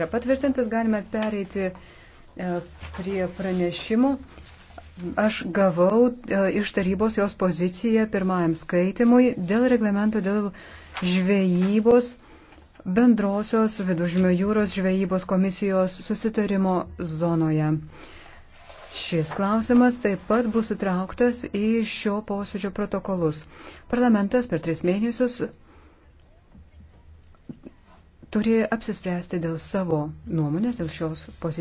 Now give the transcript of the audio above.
yra patvirtintas, galime pereiti e, prie pranešimų. Aš gavau e, iš tarybos jos poziciją pirmajam skaitimui dėl reglamento dėl žvejybos bendrosios vidužmio jūros žvejybos komisijos susitarimo zonoje. Šis klausimas taip pat bus įtrauktas į šio posėdžio protokolus. Parlamentas per tris mėnesius turi apsispręsti dėl savo nuomonės, dėl šios pozicijos.